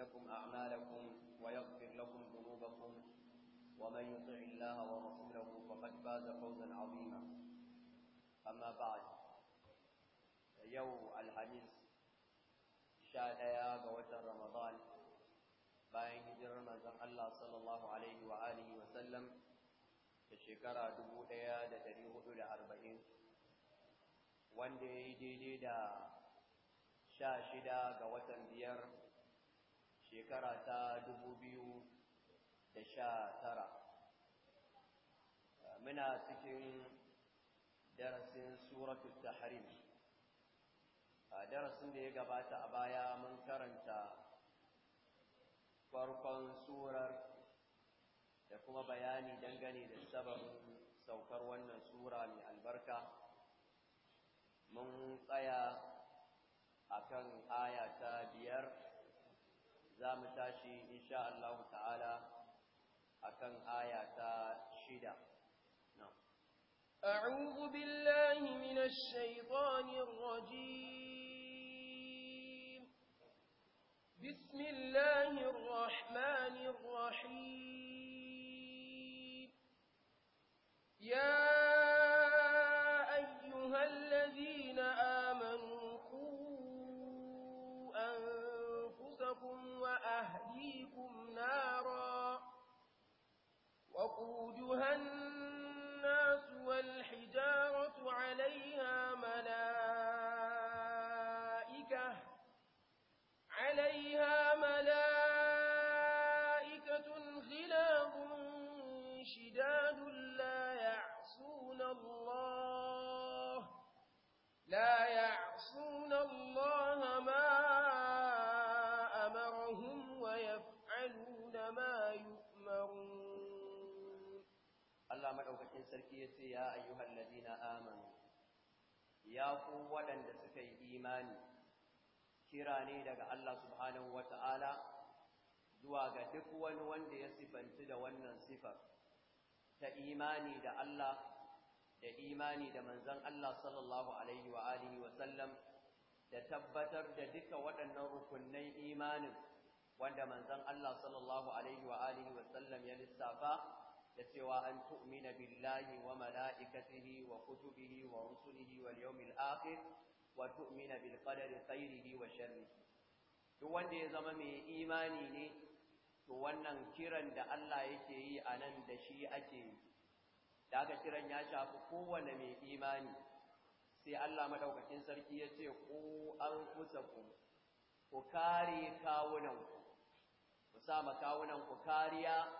لكم أعمالكم ويغفر لكم ذنوبكم ومن يطع الله ورسوله فقد فاز فوزا عظيما أما بعد يوم الحديث شاهد يا رمضان bayan hijirar manzon Allah sallallahu dubu ɗaya da wa hudu da arba'in, wanda ya yi daidai da shida ga watan biyar shekara ta dubu biyu da sha tara muna cikin darasin suratul tahrim a darasin da ya gabata a baya mun karanta farkon surar da kuma bayani dangane da sababin saukar wannan sura mai albarka mun tsaya akan aya ta biyar za mu tashi insha Allah ta'ala akan aya shida أعوذ بالله من الشيطان الرجيم بسم الله الرحمن الرحيم يا أيها الذين أنفسكم وأهليكم نارا وقودها الناس والحجارة عليها ملائكة عليها ملائكة غلاب شداد لا يعصون الله لا sarki ya ce ya ayyuhal ladina amanu ya ku waɗanda suka yi imani kira ne daga Allah subhanahu wata'ala zuwa ga duk wani wanda ya sifanci da wannan sifar ta imani da Allah da imani da manzon Allah sallallahu alaihi wa alihi wa sallam da tabbatar da duka waɗannan rukunnan imanin wanda manzon Allah sallallahu alaihi wa alihi wa sallam ya lissafa da cewa an tu'mina billahi wa mala'ikatihi wa kutubihi wa rusulihi wal yawmil akhir wa tu'mina bil qadari khairihi wa sharrihi To wanda ya zama mai imani ne to wannan kiran da Allah yake yi anan da shi ake yi da aka kiran ya shafi kowanne mai imani sai Allah madaukakin sarki ya ce ku an kusa ku ku kare kawunan ku ku sa ma kawunan ku kariya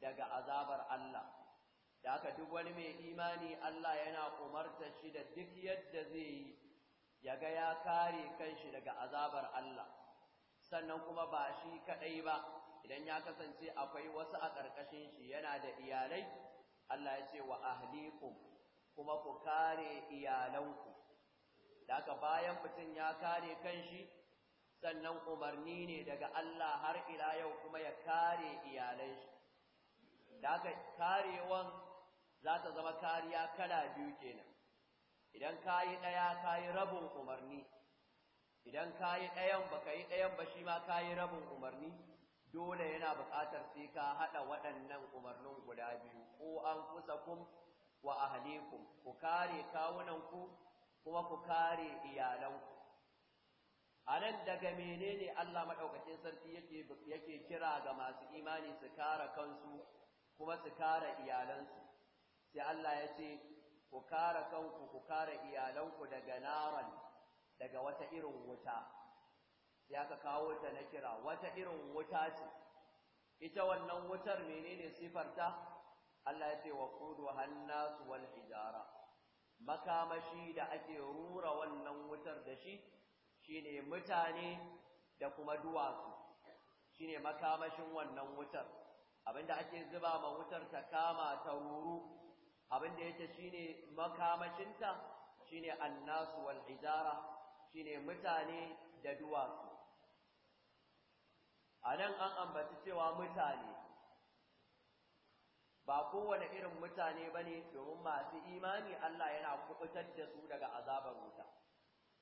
daga azabar Allah da haka duk wani mai imani Allah yana umarta shi da duk yadda zai yi ya ga ya kare kanshi daga azabar Allah sannan kuma ba shi kadai ba idan ya kasance akwai wasu a ƙarƙashin shi yana da iyalai Allah ya ce wa ahlikum kuma ku kare iyalanku da haka bayan mutum ya kare kanshi sannan umarni ne daga Allah har ila yau kuma ya kare iyalanshi shi da haka karewan za ta zama kariya kala biyu kenan idan ka yi ɗaya ka yi rabin umarni idan ka yi ɗayan ba ka yi ɗayan ba shi ma ka yi rabin umarni dole yana buƙatar sai ka haɗa waɗannan umarnin guda biyu ko an kusa kum wa ahalikum ku kare kawunanku kuma ku kare iyalanku a nan daga menene Allah maɗaukacin sarki yake kira ga masu imani su kare kansu kuma su kare iyalansu sai Allah ya ce ku kare kanku ku kare iyalanku daga naran daga wata irin wuta sai aka kawo ta na kira wata irin wuta ce ita wannan wutar menene sifarta Allah ya ce wa qudu hannasu wal hijara makamashi da ake rura wannan wutar da shi shine mutane da kuma duwatsu shine makamashin wannan wutar abinda ake zuba ma wutar ta kama ta ruru abinda yake shine makamashinta shine annasu wal idara shine mutane da duwatsu anan an ambaci cewa mutane ba kowane irin mutane bane domin masu imani Allah yana kubutar da su daga azabar wuta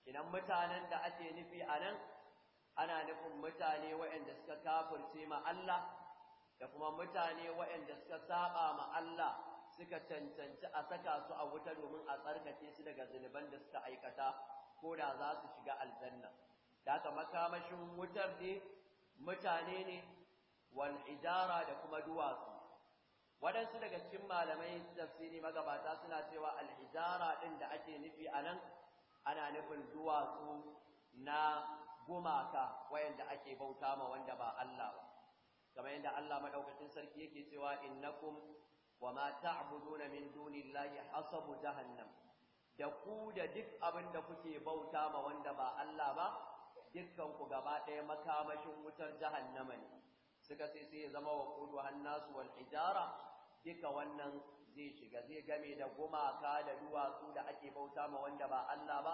idan mutanen da ake nufi anan ana nufin mutane waɗanda suka kafirce ma Allah da kuma mutane waɗanda suka saba ma Allah suka cancanci a saka su a wuta domin a tsarkake su daga zunuban da suka aikata ko da za su shiga aljanna da ka makamashin wutar ne mutane ne wal ijara da kuma duwatsu waɗansu daga cikin malamai tafsiri magabata suna cewa al ijara ɗin da ake nufi a nan ana nufin duwatsu na gumaka wayanda ake bauta ma wanda ba Allah ba kamar yadda Allah madaukakin sarki yake cewa innakum wa ma ta'buduna min dunillahi hasabu jahannam da ku da duk abin da kuke bauta ma wanda ba Allah ba dukkan ku gaba ɗaya makamashin wutar jahannama ne suka sai sai ya zama wa kudu hannasu wal hijara duka wannan zai shiga zai game da gumaka da duwatsu da ake bauta ma wanda ba Allah ba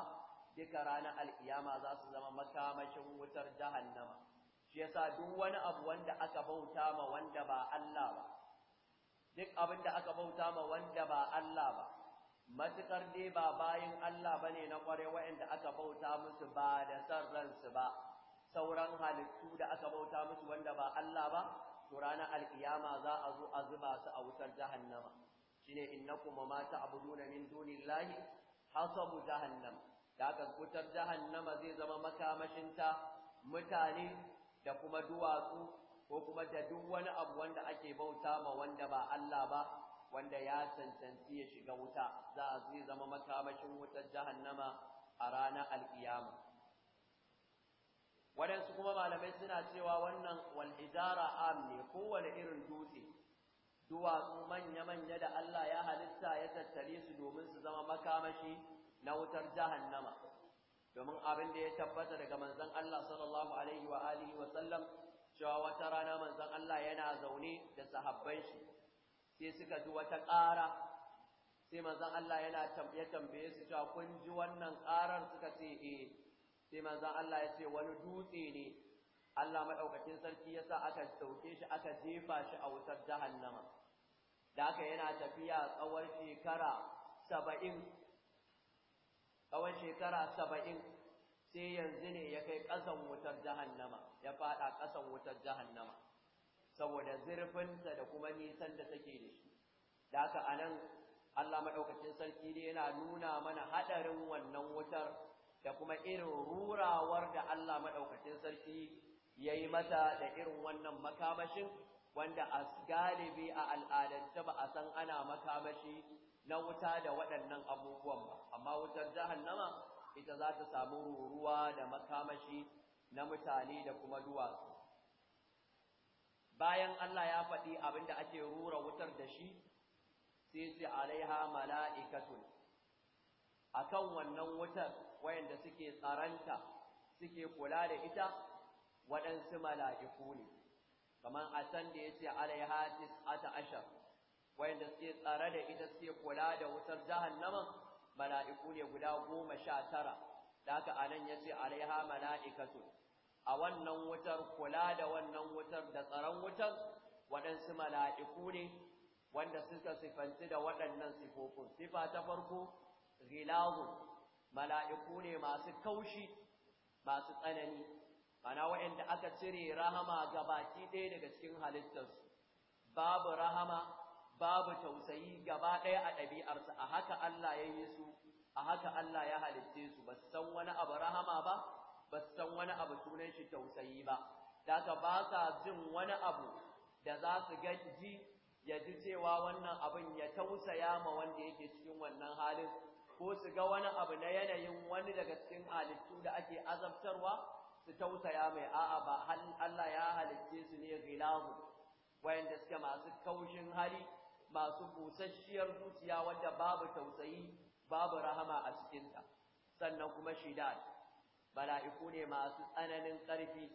duka ranar alkiyama za su zama makamashin wutar jahannama shi yasa duk wani abu wanda aka bauta ma wanda ba Allah ba duk abin da aka bauta ma wanda ba Allah ba matukar dai ba bayin Allah bane na kware waɗanda aka bauta musu ba da san ransu ba sauran halittu da aka bauta musu wanda ba Allah ba to ranar alkiyama za a zo a zuba su a wutar jahannama shine innakum ma ta'buduna min dunillahi hasabu jahannam da aka wutar jahannama zai zama makamashinta mutane da kuma duwatsu ko kuma da duk wani abu wanda ake bauta ma wanda ba Allah ba wanda ya cancanci ya shiga wuta za a zai zama makamashin wutar jahannama a ranar alkiyama waɗansu kuma malamai suna cewa wannan wal'ijara am ne kowane irin dutse duwatsu manya-manya da Allah ya halitta ya tattare su domin su zama makamashi na wutar jahannama domin abin da ya tabbata daga manzon Allah sallallahu alaihi wa alihi wa sallam cewa wata rana manzon Allah yana zaune da sahabban shi sai suka ji wata ƙara sai manzon Allah yana ya tambaye su cewa kun ji wannan ƙarar suka ce eh sai manzon Allah ya ce wani dutse ne Allah madaukakin sarki yasa aka sauke shi aka jefa shi a wutar jahannama da aka yana tafiya tsawon shekara saba'in tsawon shekara saba'in sai yanzu ne ya kai ƙasan wutar jahannama ya faɗa ƙasan wutar jahannama saboda zurfinta da kuma nisan da take da shi da haka a nan Allah maɗaukacin sarki ne yana nuna mana haɗarin wannan wutar da kuma irin rurawar da Allah maɗaukacin sarki ya yi mata da irin wannan makamashin wanda a galibi a al'adance ba a san ana makamashi na wuta da waɗannan abubuwan ba amma wutar jahannama ita za ta samu ruruwa da makamashi na mutane da kuma duwatsu bayan Allah ya faɗi abinda ake rura wutar da shi sai ce alaiha mala'ikatun kan wannan wutar wayanda suke tsaranta suke kula da ita waɗansu mala'iku ne kamar a can da ya ce alaiha ta ashar wayanda suke tsare da ita suke kula da wutar jahannaman mala'iku ne guda goma sha tara da aka anan yace alaiha mala'ikatu a wannan wutar kula da wannan wutar da tsaron wutar waɗansu mala'iku ne wanda suka sifanci da waɗannan sifofin sifa ta farko gilahu mala'iku ne masu kaushi masu tsanani ana waɗanda aka cire rahama ga ɗaya daga cikin halittarsu babu rahama babu tausayi gaba ɗaya a ɗabi'arsa a haka Allah ya yi su a haka Allah ya halitte su ba san wani abu rahama ba ba san wani abu sunan shi tausayi ba da ka ba sa jin wani abu da za su gaji ya ji cewa wannan abin ya tausaya ma wanda yake cikin wannan halin ko su ga wani abu na yanayin wani daga cikin halittu da ake azabtarwa su tausaya mai a'a ba Allah ya halitte su ne gilahu wayanda suke masu kaushin hali masu busasshiyar zuciya wanda babu tausayi babu rahama a cikinta sannan kuma shidad bala'iku ne masu tsananin ƙarfi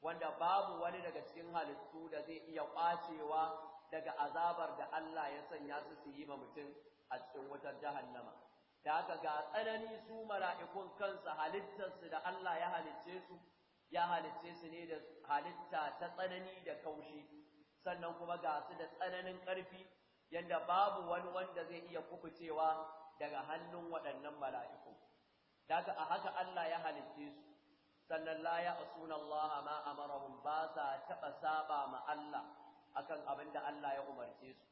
wanda babu wani daga cikin halittu da zai iya kwacewa daga azabar da Allah ya sanya su su yi ma mutum a cikin wutar jahannama da haka ga tsanani su mala'ikun kansu halittarsu da Allah ya halicce su ya halicce su ne da halitta ta tsanani da kaushi sannan kuma ga su da tsananin ƙarfi yanda babu wani wanda zai iya kubucewa daga hannun waɗannan mala'iku daga a haka Allah ya halitte su sannan la ya asuna Allah ma marahun ba sa taɓa saba ma Allah akan abin da Allah ya umarce su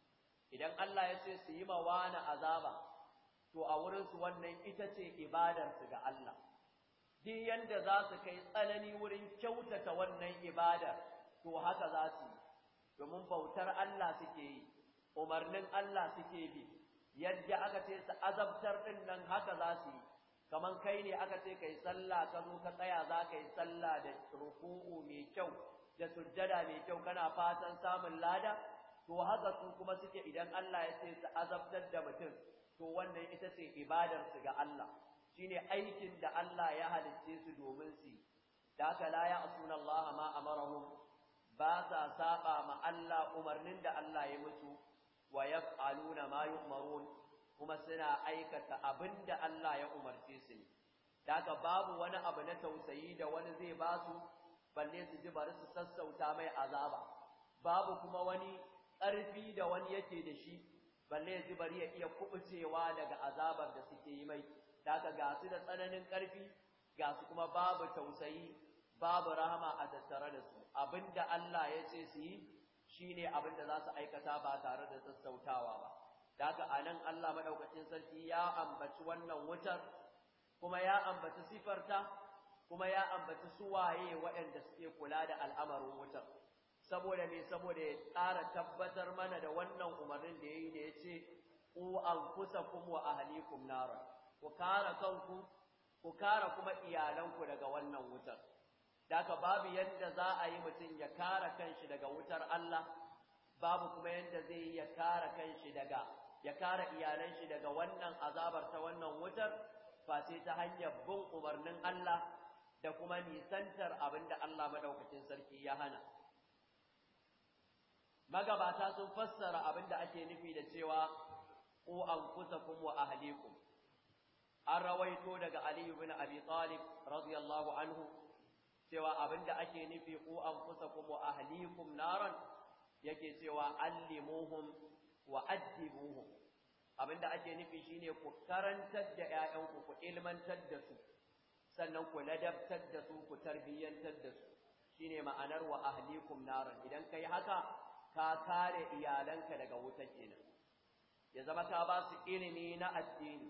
idan Allah ya ce su yi ma wani azaba to a wurinsu wannan ita ce ibadarsu ga Allah duk yanda za su kai tsanani wurin kyautata wannan ibadar to haka za su yi domin bautar Allah suke yi umarnin Allah suke bi yadda aka ce su azabtar din nan haka za su yi kaman kai ne aka ce kai sallah ka zo ka tsaya za ka yi sallah da ruku'u mai kyau da sujjada mai kyau kana fatan samun lada to haka su kuma suke idan Allah ya ce su azabtar da mutum to wannan ita ce ibadar su ga Allah shine aikin da Allah ya halicce su domin su da haka la ya asuna Allah ma amarahum ba sa saba ma Allah umarnin da Allah ya mutu wa yaf'aluna ma yu'marun kuma suna aikata abinda Allah ya umarce su ne daga babu wani abu na tausayi da wani zai ba su balle su ji bari su sassauta mai azaba babu kuma wani ƙarfi da wani yake da shi balle ya ji bari ya iya kubucewa daga azabar da suke yi mai daga ga su da tsananin ƙarfi ga su kuma babu tausayi babu rahama a tattare da su abinda Allah ya ce su yi shine abin da za su aikata ba tare da sassautawa ba daga anan Allah maɗaukacin sarki ya ambaci wannan wutar kuma ya ambaci sifarta kuma ya ambaci suwaye waɗanda suke kula da al'amarin wutar saboda me saboda ya tsara tabbatar mana da wannan umarnin da ya yi da yace ku anfusakum wa ahlikum nara ku kare kanku ku kare kuma iyalanku daga wannan wutar Daka babu yadda za a yi mutum ya kara kanshi daga wutar Allah, babu kuma yadda zai yi ya kare kanshi daga, ya kara iyalan shi daga wannan azabar ta wannan wutar, face ta hanyar bin umarnin Allah da kuma nisantar abin da Allah maɗaukacin sarki ya hana. Magabata sun fassara abin da ake nufi da cewa, Ku an kusa kuma a An rawaito daga Aliyu bin Abi Talib, radiyallahu anhu, cewa abinda ake nufi ku anfusakum wa ahlikum naran yake cewa allimuhum wa abin abinda ake nufi shine ku karantar da 'ya'yanku ku ilmantar da su sannan ku ladabtar da su ku tarbiyyantar da su shine ma'anar wa ahlikum naran idan kai haka ka kare iyalanka daga wutar kenan ya zama ka ba su ilimi na addini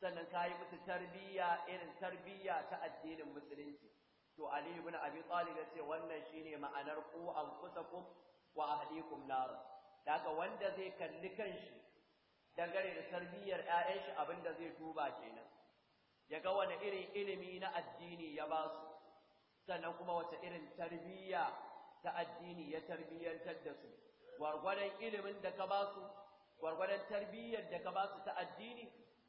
sannan ka yi musu tarbiyya irin tarbiyya ta addinin musulunci to ali ibn abi talib yace wannan shine ma'anar ku anfusakum wa ahlikum nar daga wanda zai kalli kanshi dangare da tarbiyyar ƴaƴan shi abinda zai duba kenan ya ga wani irin ilimi na addini ya ba su sannan kuma wace irin tarbiyya ta addini ya tarbiyyantar da su gwargwadon ilimin da ka ba su gwargwadon tarbiyyar da ka ba su ta addini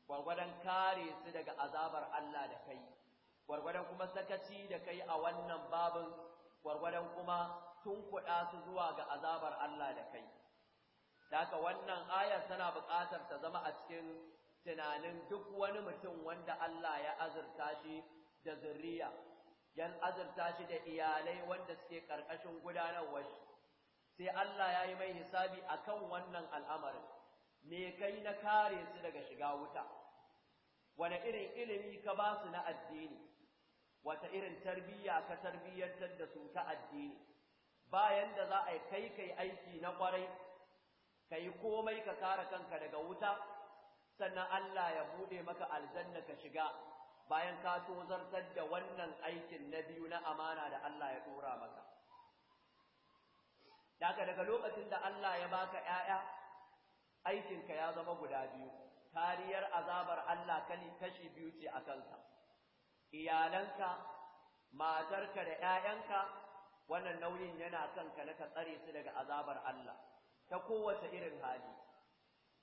gwargwadon kare su daga azabar Allah da kai gwargwadon kuma sakaci da kai a wannan babin gwargwadon kuma tun kuɗa su zuwa ga azabar Allah da kai daga wannan ayar tana buƙatar ta zama a cikin tunanin duk wani mutum wanda Allah ya azurta shi da zuriya yan azurta shi da iyalai wanda suke ƙarƙashin gudanarwa shi sai Allah ya yi mai hisabi a kan wannan al'amarin me kai na kare su daga shiga wuta wane irin ilimi ka ba su na addini wata irin tarbiyya ka tarbiyyantar da su ta addini bayan da za a kai kai aiki na kwarai ka yi komai ka kare kanka daga wuta sannan Allah ya bude maka aljanna ka shiga bayan ka tozartar da wannan aikin na biyu na amana da Allah ya dora maka daga daga lokacin da Allah ya baka ƴaƴa aikinka ya zama guda biyu kariyar azabar Allah kashi biyu ce a kanka iyalanka matarka da ƴaƴanka wannan nauyin yana kanka na ka tsare su daga azabar Allah ta kowace irin hali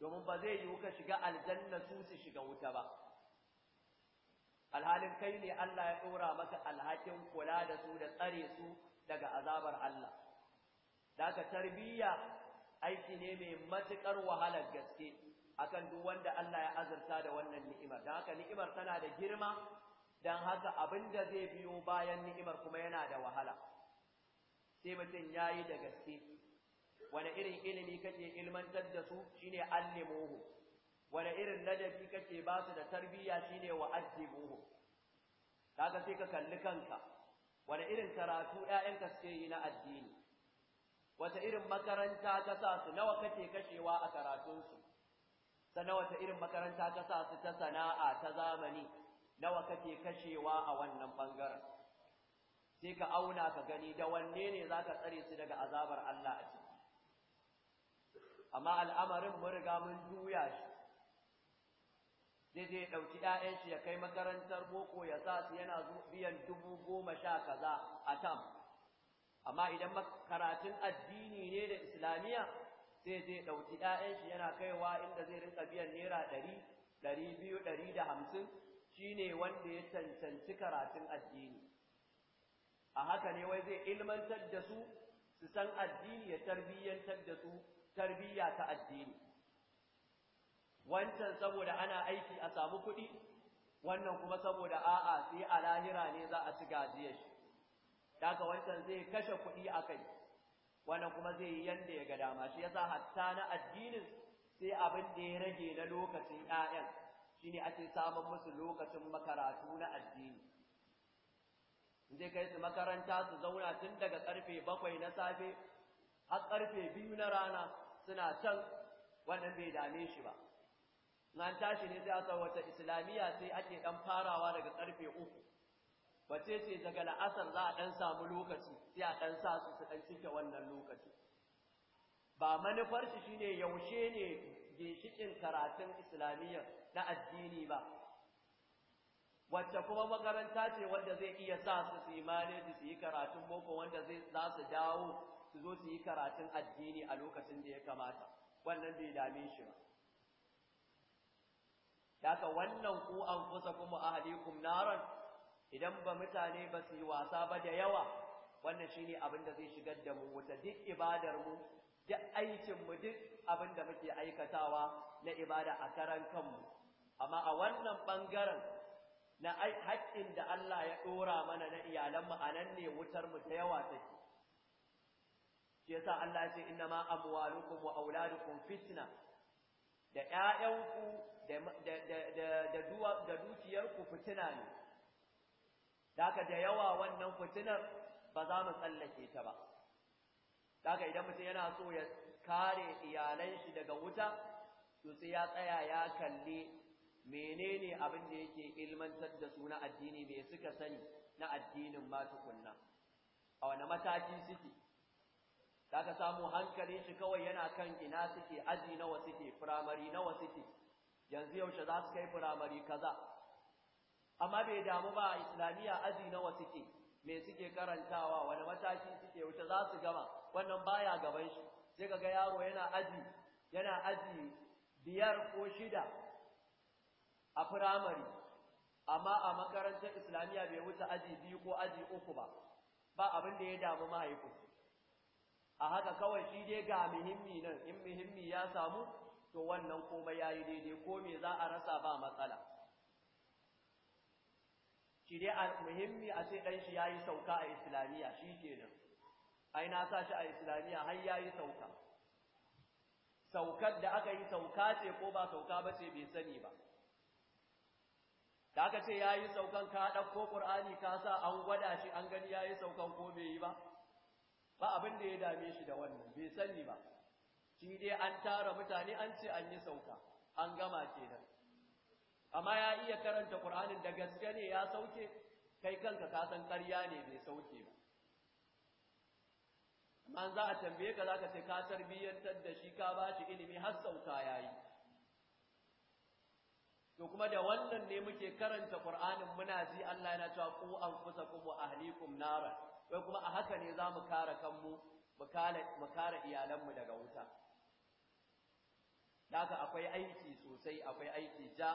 domin ba zai yiwu ka shiga aljanna su su shiga wuta ba alhalin kai ne Allah ya ɗora maka alhakin kula da su da tsare su daga azabar Allah da ka tarbiyya aiki ne mai matuƙar wahalar gaske akan duk wanda Allah ya azurta da wannan ni'imar don haka ni'imar tana da girma don haka abin da zai biyo bayan ni'imar kuma yana da wahala sai mutum ya yi da gaske wani irin ilimi kake ilmantar da su shine allimuhu wani irin ladabi kake ba su da tarbiyya shine wa'azzibuhu kaga sai ka kalli kanka wani irin karatu ƴaƴanka suke yi na addini wata irin makaranta ka sa su nawa kake kashewa a karatunsu sannan wata irin makaranta ka sa su ta sana'a ta zamani nawa kake kashewa a wannan bangaren sai ka auna ka gani da wanne ne zaka tsare su daga azabar Allah a ciki amma al'amarin mu riga mun juya shi zai zai ɗauki ‘ya'yan shi ya kai makarantar boko ya sa su yana biyan dubu goma sha kaza a tam amma idan karatun addini ne da islamiyya sai zai ɗauki ‘ya'yan shi yana kaiwa inda zai rinka biyan naira ɗari ɗari biyu ɗari da hamsin shine wanda ya cancanci karatun addini a haka ne wai zai ilmantar da su su san addini ya tarbiyyantar da su tarbiyya ta addini wancan saboda ana aiki a samu kuɗi wannan kuma saboda a'a sai a lahira ne za a ci gajiyar shi daga wancan zai kashe kuɗi a kai wannan kuma zai yi yadda ya ga dama shi yasa hatta na addinin sai abin da ya rage na lokacin 'ya'yan shine ake samun musu lokacin makaratu na addini zai kai su makaranta su zauna tun daga karfe bakwai na safe har karfe biyu na rana suna can wannan bai dame shi ba nan tashi ne sai sau wata islamiyya sai ake ɗan farawa daga karfe uku bace ce daga la'asar za a dan samu lokaci sai a dan sa su su dan cike wannan lokaci ba manufar shi shine yaushe ne ginshikin karatun islamiyya na addini ba wacce kuma makaranta ce wanda zai iya sa su su yi maleji su yi karatun boko wanda zai za su dawo su zo su yi karatun addini a lokacin da ya kamata wannan bai dame shi ba daga wannan ku an kusa kuma ahalikum naran idan ba mutane ba su yi wasa ba da yawa wannan shine abin da zai shigar da mu wuta duk ibadar mu duk aikinmu duk abin da muke aikatawa na ibada a karan kanmu amma a wannan ɓangaren na haƙƙin da Allah ya ɗora mana na iyalanmu a nan ne wutar mu ta yawa take shi yasa Allah ya ce inna ma amwalukum wa auladukum fitna da ƴaƴanku da da da dukiyarku fitina ne da haka da yawa wannan fitinar ba za mu tsallake ta ba haka idan mutum yana so ya kare iyalan shi daga wuta to sai ya tsaya ya kalli menene abin da yake ilmantar da su na addini mai suka sani na addinin ma kunna. a wani mataki suke daga samu hankali shi kawai yana kan ina suke aji nawa suke firamari nawa suke yanzu yaushe za su kai firamari kaza amma bai damu ba a islamiyya aji nawa suke me suke karantawa wani mataki suke wuce za su gama wannan baya gaban shi sai kaga yaro yana aji yana aji biyar ko shida a firamare amma a makarantar islamiyya bai wuce aji biyu ko aji uku ba ba abin da ya damu mahaifin a haka kawai shi dai ga muhimmi nan in muhimmi ya samu to wannan komai yayi daidai ko me za a rasa ba matsala shi dai muhimmi a ce dan shi yayi sauka a islamiyya shi kenan ai na sa shi a Islamiya har yayi sauka saukar da aka yi sauka ce ko ba sauka ba ce bai sani ba da aka ce yayi saukan ka ɗauko qur'ani ka sa an gwada shi an gani yayi saukan ko bai yi ba ba abin da ya dame shi da wannan bai sani ba shi dai an tara mutane an ce an yi sauka an gama kenan amma ya iya karanta qur'anin da gaske ne ya sauke kai kanka ka san ƙarya ne bai sauke ba an za a tambaye ka ka ce ka tarbiyyantar da shi ka ba shi ilimi har sauka yayi to kuma da wannan ne muke karanta Qur'anin muna ji Allah yana cewa ku anfusakum wa ahlikum nara wai kuma a haka ne za mu kare kanmu mu kare iyalanmu daga wuta daga akwai aiki sosai akwai aiki ja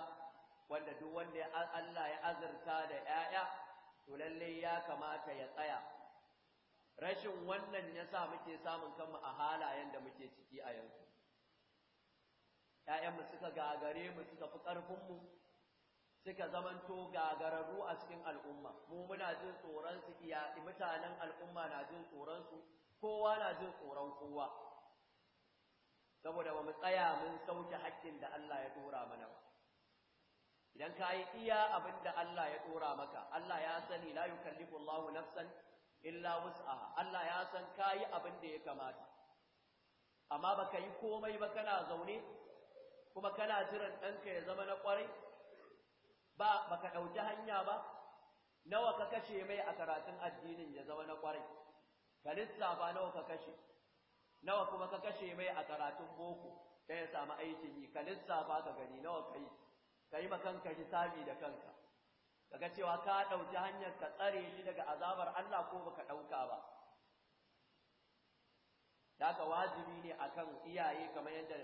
wanda duk wanda Allah ya azurta da 'ya'ya to lalle ya kamata ya tsaya rashin wannan ya sa muke samun kanmu a halayen da muke ciki a yanzu ‘ya'yanmu suka gagare mu suka fi ƙarfinmu suka zamanto gagararru a cikin al'umma mu muna jin tsoronsu iya mutanen al'umma na jin tsoronsu kowa na jin tsoron kowa saboda ba mu tsaya mun sauke haƙƙin da Allah ya ɗora mana ba idan ka yi iya abin da Allah ya ɗora maka Allah ya sani la yukallifu Allahu nafsan illa wusa Allah ya san kayi abin da ya kamata amma baka yi komai ba kana zaune kuma kana jiran ɗanka ya zama na kwarai ba baka ɗauki hanya ba nawa ka kashe mai a karatun addinin ya zama na kwarai ka lissafa nawa ka kashe nawa kuma ka kashe mai a karatun boko da ya samu aikin yi ka lissafa ka gani nawa kai kai makanka hisabi da kanka kaga cewa ka ɗauki hanyar ka tsare shi daga azabar Allah ko baka ɗauka ba daga wajibi ne akan iyaye kamar yadda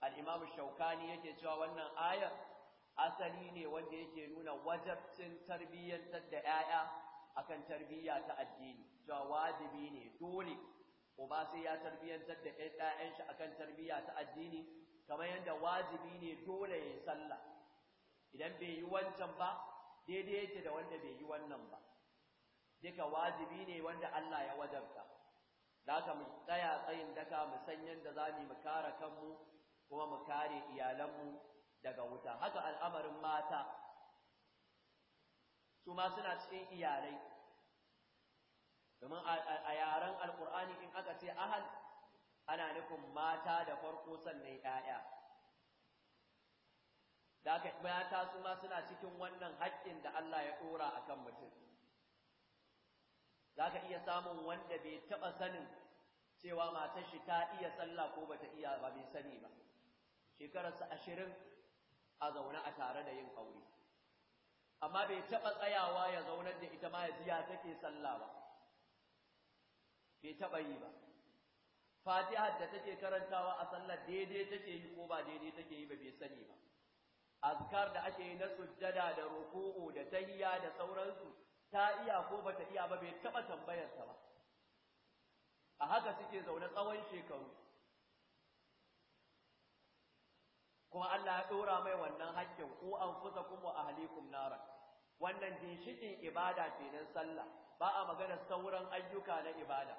al-Imam Shaukani yake cewa wannan ayar asali ne wanda yake nuna wajabcin tarbiyyantar da 'ya'ya akan tarbiyya ta addini cewa wajibi ne dole ba sai ya tarbiyyantar da ‘ya’yan shi akan tarbiyya ta addini kamar yadda wajibi ne dole ya yi sallah idan bai yi wancan ba daidai yake da wanda bai yi wannan ba duka wajibi ne wanda Allah ya wajabta da ka mu tsaya tsayin daka mu san yanda za mu kare kanmu kuma mu kare iyalanmu daga wuta haka al'amarin mata su ma suna cikin iyalai domin a yaren alkur'ani in aka ce ahal ana nufin mata da farko sannan 'ya'ya da aka mata su ma suna cikin wannan haƙƙin da Allah ya ɗora a kan mutum za ka iya samun wanda bai taɓa sanin cewa matar shi ta iya sallah ko bata iya ba bai sani ba shekararsa ashirin a zaune a tare da yin aure amma bai taɓa tsayawa ya zaunar da ita ma ya ta take sallah ba bai taɓa yi ba fatihar da take karantawa a sallar daidai take yi ko ba daidai take yi ba bai sani ba azkar da ake yi na sujjada da ruku'u da tahiyya da sauransu ta iya ko bata iya ba bai taba tambayar ta ba a haka suke zaune tsawon shekaru kuma Allah ya dora mai wannan hakkin ku anfusakum wa ahlikum nara wannan ginshikin ibada kenan sallah ba a magana sauran ayyuka na ibada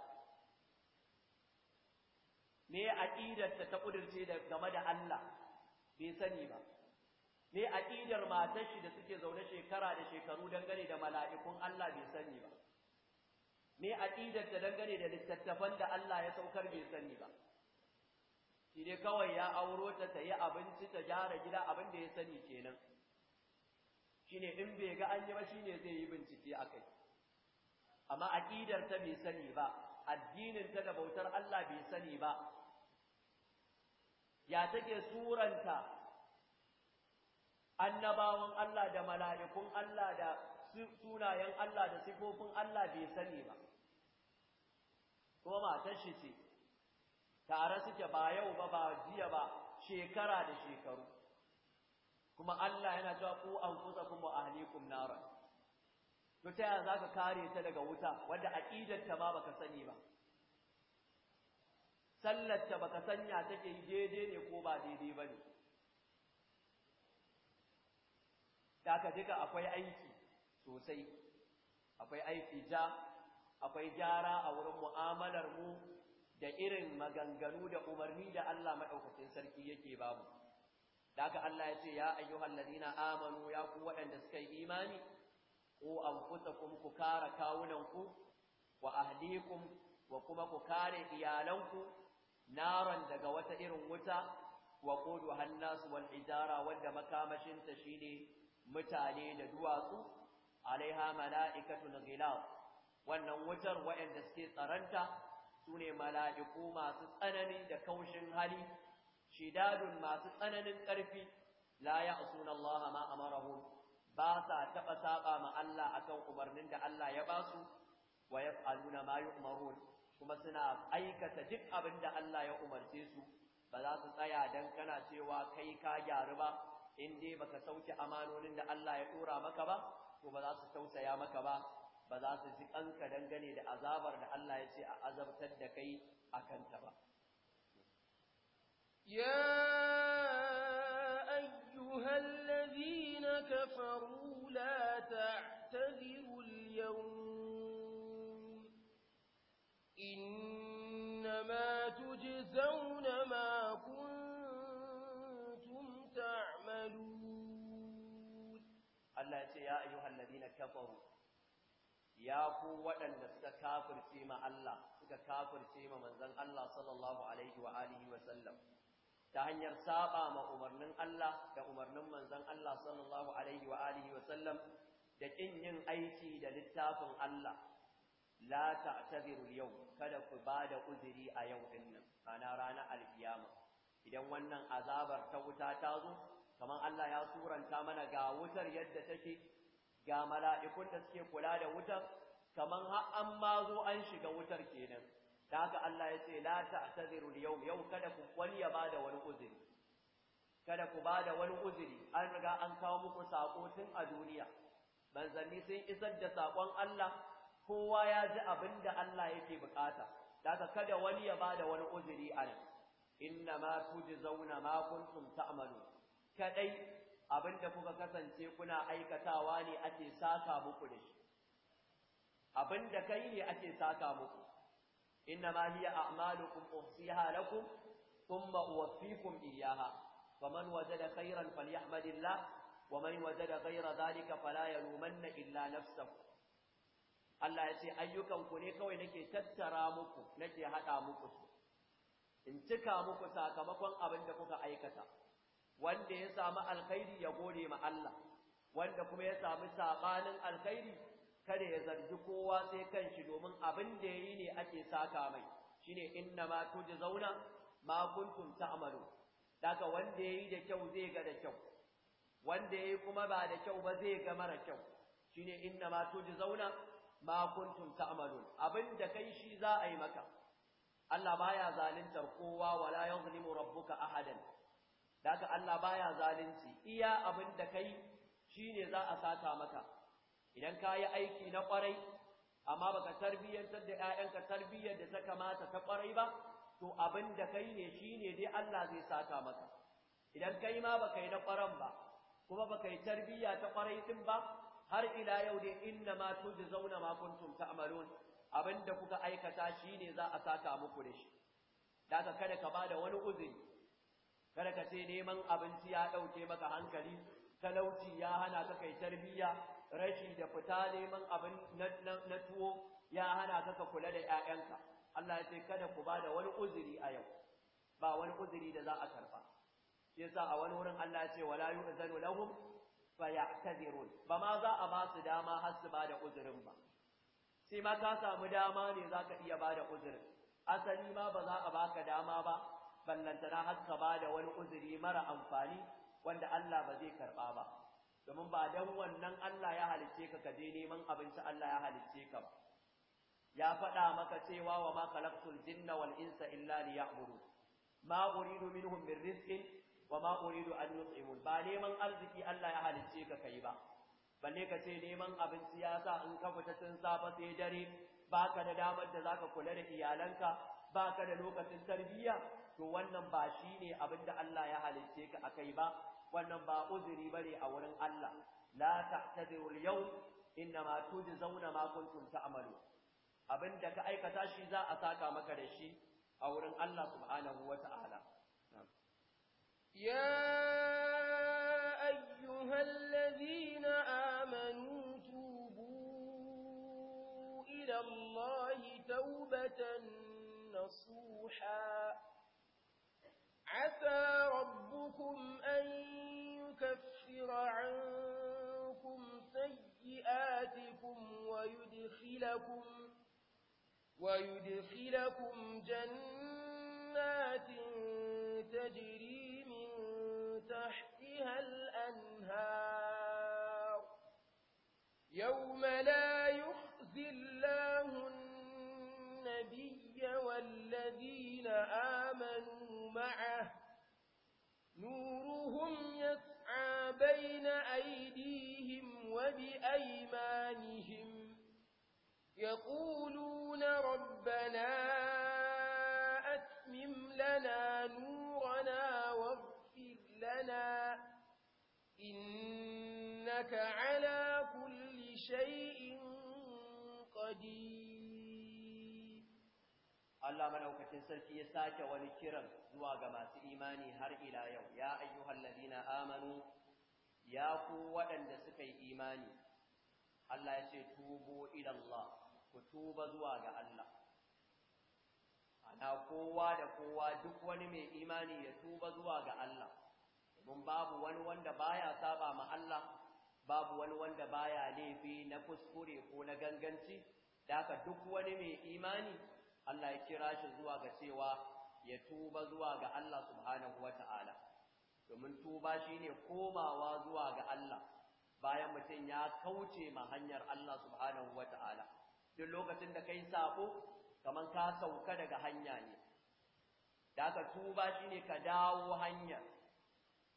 me aqidarsa ta kudirce game da Allah bai sani ba ne aƙidar matar shi da suke zaune shekara da shekaru dangane da mala'ikun Allah bai sani ba ne ƙidar ta dangane da littattafan da Allah ya saukar bai sani ba shi dai kawai ya auro ta ta yi abinci ta gyara gida abin da ya sani kenan ne in bai ga an yi ba ne zai yi bincike a kai? amma a ƙidar ta bai sani ba addinin ta da bautar Allah bai sani ba ya take suranta annabawan Allah da mala'ikun Allah da sunayen Allah da sifofin Allah bai sani ba kuma matar shi ce tare suke ba yau ba ba jiya ba shekara da shekaru kuma Allah yana cewa ku kuma a ahlikum nara to ta za zaka kare ta daga wuta wanda aqidar ta ma baka sani ba sallar ta baka sanya take daidai ne ko ba daidai bane da duka akwai aiki sosai akwai aiki ja akwai gyara a wurin mu'amalar mu da irin maganganu da umarni da Allah maɗaukacin sarki yake babu da haka Allah ya ce ya ayyuhal ladina amanu ya ku waɗanda suka yi imani ku anfusakum ku kare kawunanku wa ahlikum wa kuma ku kare iyalanku naran daga wata irin wuta wa qudu hannasu wal ijara wanda makamashinta shine mutane da duwatsu alaiha mala'ikatun ghilab wannan wutar waɗanda suke tsaranta sune mala'iku masu tsanani da kaushin hali shidadun masu tsananin ƙarfi la ya'suna Allah ma amarahum ba sa taɓa saba ma Allah akan umarnin da Allah ya basu wa yaf'aluna ma yu'marun kuma suna aikata duk abin da Allah ya umarce su ba za su tsaya dan kana cewa kai ka gyaru ba in dai baka sauke amanonin da Allah ya dora maka ba to ba za su tausaya maka ba ba za su ji kanka dangane da azabar da Allah ya ce a azabtar da kai akan ta ba ya ayyuhal ladina kafaru la ta'tadiru al-yawm innama tujzauna ma Allah ya ce ya ayyuhu Hala biyu Ya fi waɗanda suka kafance ma Allah, suka kafance ma manzan Allah S.A.W. Ta hanyar saɓa ma umarnin Allah, da umarnin manzan Allah S.A.W. Da ƙin yin aiki da littafin Allah. Lata tabi yau, kada ku ba da uziri a yau din nan, hana rana al'iya ma. Idan wannan azabar ta wuta ta zo. ya suranta mana ga wutar yadda take ga mala'ikun da suke kula da wutar kaman har an ma zo an shiga wutar kenan da haka Allah ya ce la ta'tadiru yau yau kada ku wani ya bada wani uzuri kada ku bada wani uzuri an riga an kawo muku sako tun a duniya manzanni sun isar da sakon Allah kowa ya ji abinda Allah yake bukata da haka kada wani ya bada wani uzuri a nan inna ma tujzauna ma kuntum ta'malu, kadai abinda kuka kasance kuna aikatawa ne ake saka muku da shi abinda kai ne ake saka muku inna ma hiya a'malukum uhsiha lakum thumma uwaffikum iyyaha faman wajada khairan falyahmadillah waman wajada ghayra dhalika fala yalumanna illa nafsahu Allah ya ce ayyukan ku ne kawai nake tattara muku nake hada muku in cika muku sakamakon abin da kuka aikata wanda ya samu alkhairi ya gode ma Allah wanda kuma ya samu sabanin alkhairi kada ya zargi kowa sai kanshi domin abin da yayi ne ake saka mai shine inna ma tujzauna ma kuntum ta'malu daga wanda yayi da kyau zai ga da kyau wanda yayi kuma ba da kyau ba zai ga mara kyau shine inna ma tujzauna ma kuntum ta'malun abin da kai shi za a yi maka Allah baya zaluntar kowa wala yuzlimu rabbuka ahadan daga Allah baya zalunci iya abin da kai ne za a sata maka idan ka yi aiki na kwarai amma baka tarbiyyantar da 'ya'yanka tarbiyyar da ta kamata ta kwarai ba to abin da kai ne shi ne dai Allah zai sata maka idan kai ma baka yi na kwaran ba kuma baka yi tarbiyya ta kwarai din ba har ila yau dai inna ma zauna ma kuntum ta'malun abin da kuka aikata shi ne za a saka muku da shi daka kada ka ba da wani uzuri kada ka ce neman abinci ya ɗauke maka hankali talauci ya hana ka kai tarbiyya rashi da fita neman abin na tuwo ya hana ka ka kula da 'ya'yanka Allah ya ce kada ku ba da wani uzuri a yau ba wani uzuri da za a karba shi yasa a wani wurin Allah ya ce wala yu'zanu lahum faya'tadirun ba ma za a ba su dama har su ba da uzurin ba sai ma ka samu dama ne za ka iya ba da uzurin asali ma ba za a baka dama ba ballantana har ka ba da wani uzuri mara amfani wanda Allah ba zai karɓa ba domin ba dan wannan Allah ya halicce ka ka je neman abinci Allah ya halicce ka ba ya faɗa maka cewa wa ma khalaqtul jinna wal insa illa liya'budun ma uridu minhum min rizqin wa ma uridu an yut'imun ba neman arziki Allah ya halicce ka kai ba balle ka ce neman abinci ya sa in ka fita tun safe sai dare baka da damar da zaka kula da iyalanka baka da lokacin tarbiyya to wannan ba shi ne Allah ya halicce ka a kai ba wannan ba uzuri ba ne a wurin Allah la ta'tadiru yau inna ma tujzauna ma kuntum ta'malu abinda ka aikata shi za a saka maka da shi a wurin Allah subhanahu wata'ala ya أيها الذين amanu tubu ila الله tawbatan nasuha عسى ربكم أن يكفر عنكم سيئاتكم ويدخلكم, ويدخلكم جنات تجري من تحتها الأنهار يوم لا يخزي الله والذين آمنوا معه نورهم يسعى بين أيديهم وبأيمانهم يقولون ربنا أتمم لنا نورنا واغفر لنا إنك على كل شيء قدير Allah madaukakin sarki ya sake wani kiran zuwa ga masu imani har ila yau ya ayyuhal ladina amanu ya ku waɗanda suka yi imani Allah ya ce tubu ila Allah ku tuba zuwa ga Allah ana kowa da kowa duk wani mai imani ya tuba zuwa ga Allah mun babu wani wanda baya saba ma Allah babu wani wanda baya laifi na kuskure ko na ganganci da duk wani mai imani Allah ya kira shi zuwa ga cewa ya tuba zuwa ga Allah subhanahu wata'ala domin tuba shine komawa zuwa ga Allah bayan mutum ya kauce ma hanyar Allah subhanahu wata'ala duk lokacin da kai sako kamar ka sauka daga hanya ne da ka tuba shine ka dawo hanya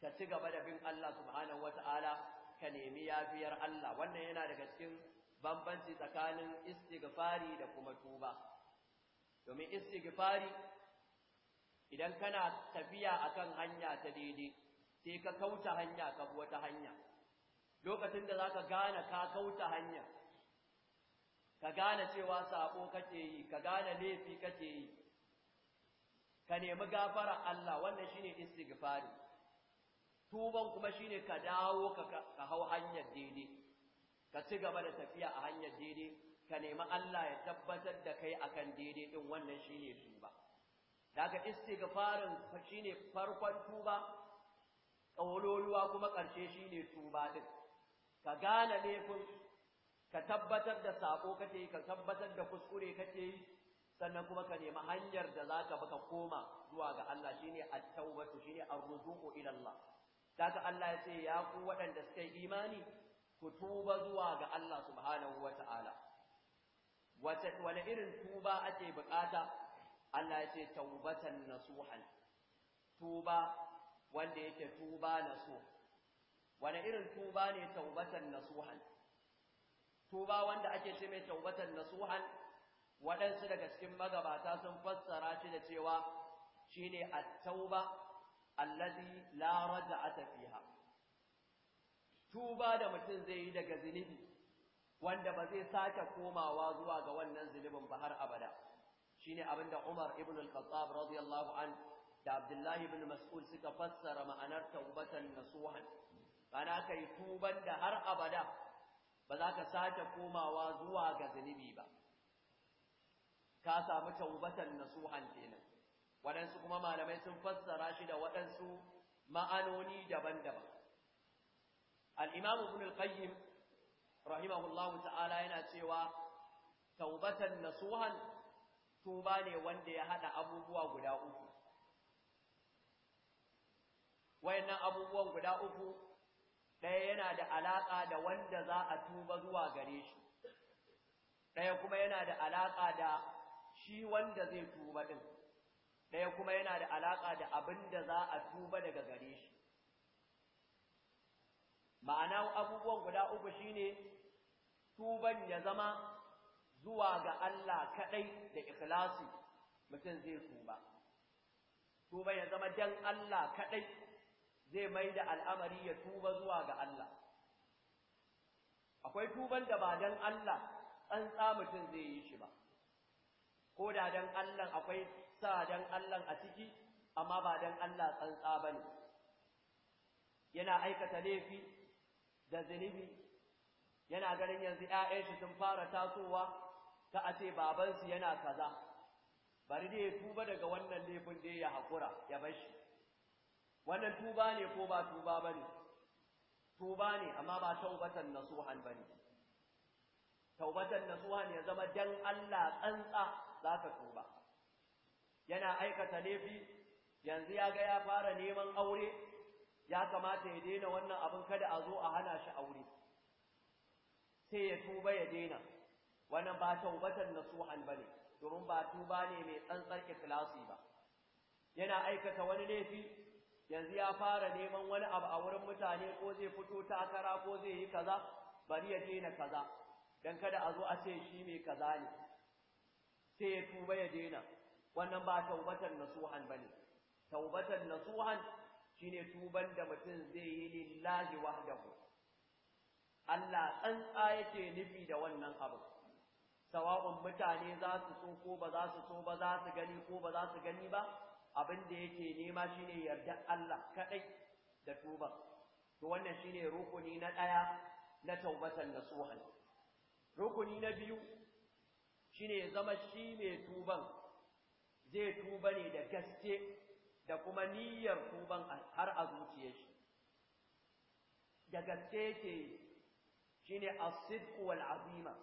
ka ci gaba da bin Allah subhanahu wata'ala ka nemi yafiyar Allah wannan yana daga cikin bambanci tsakanin istighfari da kuma tuba domin istighfari idan kana tafiya akan hanya ta daidai sai ka kauta hanya ka bi wata hanya lokacin da zaka gane ka kauta hanya ka gane cewa sako kake yi ka gane laifi kake yi ka nemi gafara Allah wannan shine istighfari tuban kuma shine ka dawo ka hau hanyar daidai ka ci gaba da tafiya a hanyar daidai ka nemi Allah ya tabbatar da kai akan daidai din wannan shine tuba daga istighfarin shine farkon tuba ƙauloluwa kuma ƙarshe shine tuba din ka gane laifin ka tabbatar da sako kake ka tabbatar da kuskure kake yi sannan kuma ka nemi hanyar da za ka baka koma zuwa ga Allah shi ne at-tawbatu shi ne ar-ruju'u ila Allah daga Allah ya ce ya ku waɗanda suka yi imani ku tuba zuwa ga Allah subhanahu wata'ala wani irin tuba ake bukata Allah ya ce taubatan nasuhan tuba wanda yake tuba nasu wani irin tuba ne taubatan nasuhan tuba wanda ake ce mai taubatan nasuhan waɗansu daga cikin magabata sun fassara shi da cewa shi ne a tauba allazi la raja'ata fiha tuba da mutum zai yi daga zunubi wanda ba zai sake komawa zuwa ga wannan zulubin ba har abada shine abinda Umar ibn al-Khattab radiyallahu an da Abdullahi ibn Mas'ud suka fassara ma'anar taubatan nasuhan kana kai tuban da har abada ba za ka sake komawa zuwa ga zunubi ba ka samu taubatan nasuhan kenan waɗansu kuma malamai sun fassara shi da waɗansu ma'anoni daban-daban al-Imam Ibn al-Qayyim rahimahullahu ta'ala yana cewa taubatan nasuhan tuba ne wanda ya hada abubuwa guda uku wayannan abubuwan guda uku ɗaya yana da alaƙa da wanda za a tuba zuwa gare shi ɗaya kuma yana da alaƙa da shi wanda zai tuba ɗin ɗaya kuma yana da alaƙa da abin da za a tuba daga gare shi ma'ana abubuwan guda uku shine tuban ya zama zuwa ga Allah kadai da ikhlasi mutum zai tuba tuba ya zama dan Allah kadai zai mai da al'amari ya tuba zuwa ga Allah akwai tuban da ba dan Allah tsantsa mutum zai yi shi ba ko da dan Allah akwai sa dan Allah a ciki amma ba dan Allah tsantsa bane yana aikata laifi da zunubi yana ganin yanzu ‘ya'yan shi sun fara tasowa ta a babansu yana kaza bari ne ya tuba daga wannan laifin da ya haƙura ya bar shi wannan tuba ne ko ba tuba ba ne tuba ne amma ba taubatan nasuhan ba ne taubatan nasuhan ya zama dan Allah tsantsa za ka tuba yana aikata laifi yanzu ya ga ya fara neman aure ya kamata ya daina wannan abin kada a zo a hana shi aure sai ya tuba ya daina wannan ba taubatar nasuhan bane domin ba tuba ne mai tsantsar ikhlasi ba yana aikata wani laifi yanzu ya fara neman wani abu a wurin mutane ko zai fito takara ko zai yi kaza bari ya daina kaza dan kada a zo a ce shi mai kaza ne sai ya tuba ya daina wannan ba taubatar nasuhan bane taubatar nasuhan shine tuban da mutum zai yi lillahi wahdahu Allah tsantsa yake nufi da wannan abu sawa'un mutane za su so ko ba za su so ba za su gani ko ba za su gani ba abin da yake nema shine yarda Allah kadai da tuba to wannan shine rukuni na daya na taubatan nasuhan rukuni na biyu shine zama shi mai tuban zai tuba ne da gaske da kuma niyyar tuban har a zuciyar shi da gaske yake shine asid sidq wal azima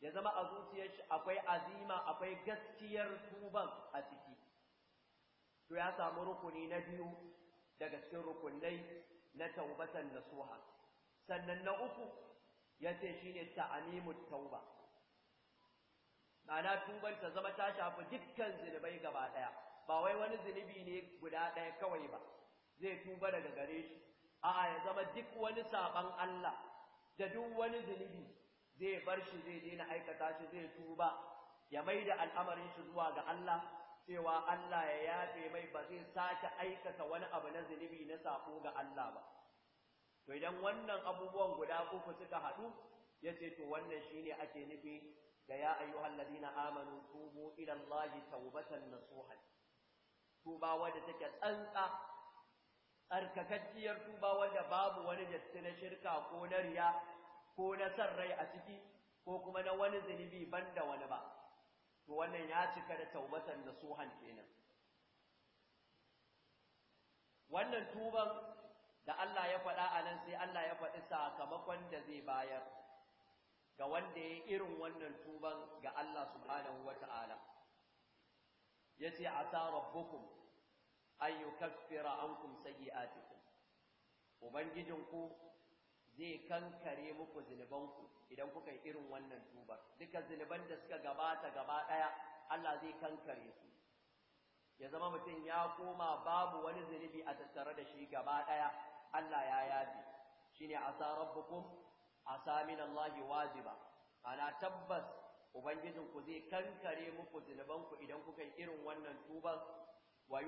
ya zama a zuciyar shi akwai azima akwai gaskiyar tuban a ciki to ya samu rukuni na biyu daga cikin rukunai na taubatan nasuha sannan na uku yace shine ta'animu tauba ma'ana tuban ta zama ta shafi dukkan zinubai gaba ɗaya. ba wai wani zunubi ne guda ɗaya kawai ba zai tuba daga gare shi a'a ya zama duk wani saban Allah da duk wani zunubi zai bar shi zai daina aikata shi zai tuba ya mai da al'amarin shi zuwa ga Allah cewa Allah ya yafe mai ba zai sake aikata wani abu na zunubi na sako ga Allah ba to idan wannan abubuwan guda uku suka haɗu ya ce to wannan shine ake nufi ga ya ayyuhal ladina amanu tubu ila Allah tawbatan nasuha tuba wadda take tsantsa tsarkakakkiyar tuba wadda babu wani datti na shirka ko na riya ko na san rai a ciki ko kuma na wani zunubi banda wani ba to wannan ya cika da taubatan da suhan kenan wannan tuban da Allah ya faɗa a nan sai Allah ya faɗi sakamakon da zai bayar ga wanda ya irin wannan tuban ga Allah subhanahu wata'ala yace ata rabbukum an yukaffira ankum ubangijin ku zai kankare muku ku idan kuka yi irin wannan tuba duka zinuban da suka gabata gaba daya Allah zai kankare su ya zama mutum ya koma babu wani zinubi a tattare da shi gaba daya Allah ya yafi shine asa rabbukum asa min Allah wajiba ana tabbas ubangijin ku zai kankare muku zunuban ku idan kuka yi irin wannan tuban wa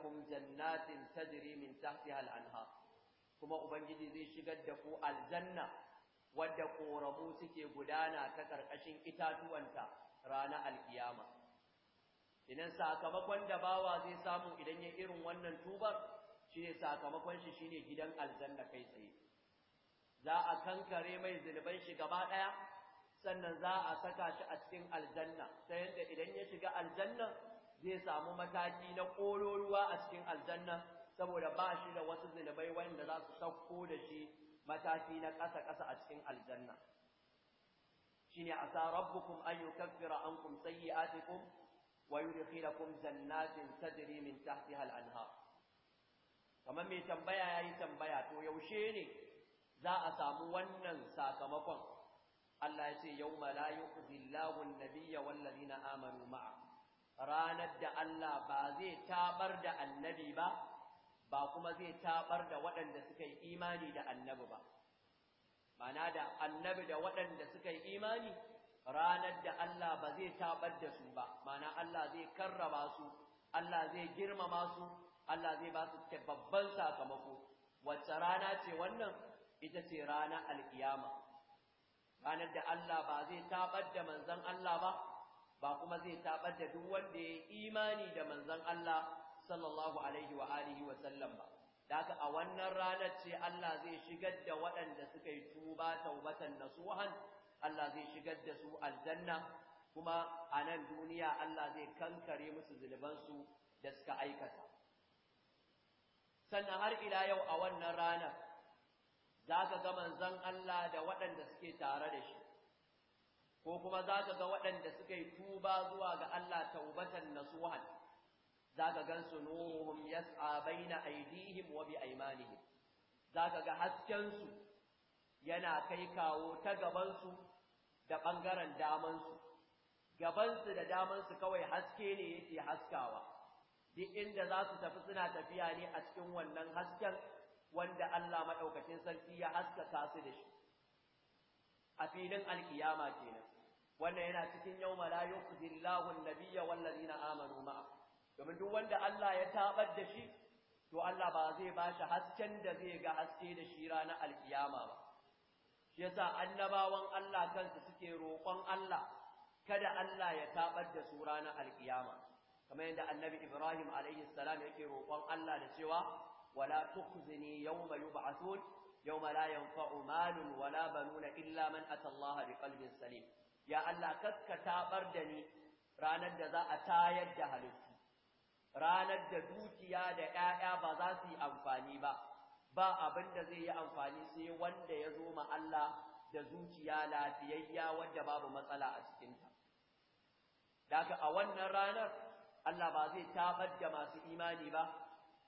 kum jannatin tajri min tahtiha al-anhar kuma ubangiji zai shigar da ku aljanna wadda koramu suke gudana ta karkashin itatuwanta ranar alkiyama idan sakamakon da bawa zai samu idan ya irin wannan tubar shine sakamakon shi shine gidan aljanna kai tsaye za a kankare mai zunuban shi gaba daya sannan za a saka shi a cikin aljanna ta yadda idan ya shiga aljanna zai samu mataki na ƙororuwa a cikin aljanna saboda ba shi da wasu zunubai wanda za su sauko da shi mataki na ƙasa-ƙasa a cikin aljanna shine asa rabbukum an yukaffira ankum sayyi'atikum wa yudkhilakum jannatin tajri min tahtiha al-anhar kamar mai tambaya yayi tambaya to yaushe ne za a samu wannan sakamakon Allah ya ce yawma la yukhzi Allahu an-nabiyya amanu ma'a ranar da Allah ba zai tabar da annabi ba ba kuma zai tabar da waɗanda suka yi imani da annabi ba mana da annabi da waɗanda suka yi imani ranar da Allah ba zai tabar da su ba mana Allah zai karrama su Allah zai girmama su Allah zai ba su babban sakamako wacce rana ce wannan ita ce rana alkiyama ranar da Allah ba zai tabar da manzon Allah ba ba kuma zai tabar da duk wanda ya imani da manzon Allah sallallahu alaihi wa alihi wa sallam ba daga a wannan ranar ce Allah zai shigar da waɗanda suka yi tuba taubatan nasuhan Allah zai shigar da su aljanna kuma a nan duniya Allah zai kankare musu zunubansu da suka aikata sannan har ila yau a wannan ranar za ka ga manzan Allah da waɗanda suke tare da shi ko kuma za ka ga waɗanda suka yi tuba zuwa ga Allah taubatan nasuhan za ka gan su ya yas'a na aydihim wa bi aymanihim za ka ga haskensu yana kai kawo ta gabansu da ɓangaren damansu gabansu da damansu kawai haske ne yake haskawa duk inda za su tafi suna tafiya ne a cikin wannan hasken wanda Allah maɗaukacin sarki ya haskaka su da shi a filin alkiyama kenan wannan yana cikin yau la yukhzi Allahu na nabiyya amanu ma'a domin duk wanda Allah ya tabar da shi to Allah ba zai ba shi hasken da zai ga haske da shi ranar alkiyama ba shi yasa annabawan Allah kansu suke roƙon Allah kada Allah ya tabar da su ranar alkiyama kamar yadda annabi Ibrahim alaihi salam yake roƙon Allah da cewa ولا تخزني يوم يبعثون يوم لا ينفع مال ولا بنون إلا من أتى الله بقلب سليم يا الله كتك تابر دني ranar da za a tayar da halittu, ranar da dukiya da ‘ya'ya ba za su yi amfani ba, ba abin da zai yi amfani sai wanda ya zo ma Allah da zuciya lafiyayya wadda babu matsala a cikinta. Daga a wannan ranar, Allah ba zai taɓar da masu imani ba,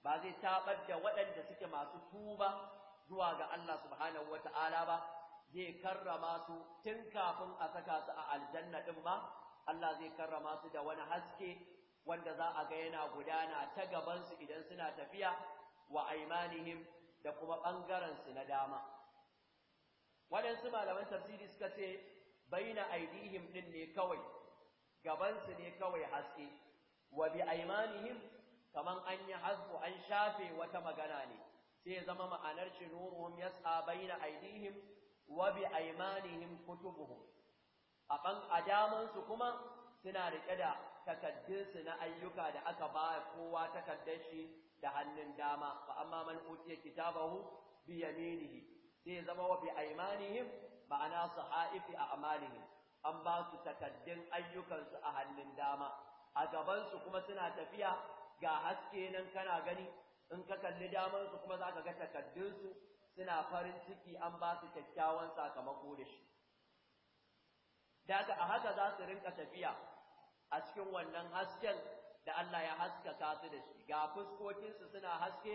ba zai taɓar da waɗanda suke masu tuba zuwa ga Allah subhanahu Ta'ala ba zai karrama su tun kafin a saka su a aljanna ɗin ba Allah zai karrama su da wani haske wanda za a ga yana gudana ta gabansu idan suna tafiya wa aimanihim da kuma ɓangarensu na dama waɗansu malaman tafsiri suka ce baina aidihim ɗin ne kawai gabansu ne kawai haske wa bi aimanihim kaman an yi hasbu an shafe wata magana ne sai zama ma'anar shi nuruhum yas'a baina aidihim wa bi aymanihim kutubuhum a damansu kuma suna riƙe da takaddun na ayyuka da aka ba kowa takaddar shi da hannun dama fa amma man utiya kitabahu bi yaminihi sai zama wa bi aymanihim ma'ana sahaifi a amalihim an ba su takaddun ayyukansu a hannun dama a gabansu kuma suna tafiya ga haske nan kana gani in ka kalli damar su kuma ka ga takaddun su suna farin ciki an ba su kyakkyawan sakamako da shi daga a haka za su rinka tafiya a cikin wannan hasken da Allah ya haskaka su da shi ga fuskokinsu suna haske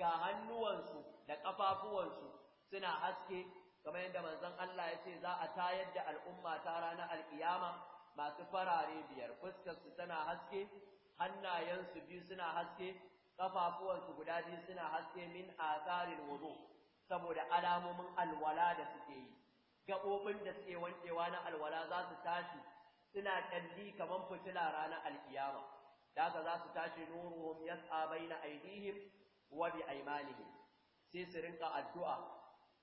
ga hannuwansu da ƙafafuwansu suna haske kamar yadda manzon Allah ya ce za a tayar da al'umma ta ranar alkiyama masu farare biyar fuskarsu tana haske hannayensu biyu suna haske ƙafafuwansu guda biyu suna haske min atharil wudu saboda alamomin alwala da suke yi gaɓoɓin da suke wankewa na alwala za su tashi suna kalli kaman fitila ranar alkiyama da haka za su tashi nuruhum yas'a baina aydihim wa bi aymanihim sai su rinka addu'a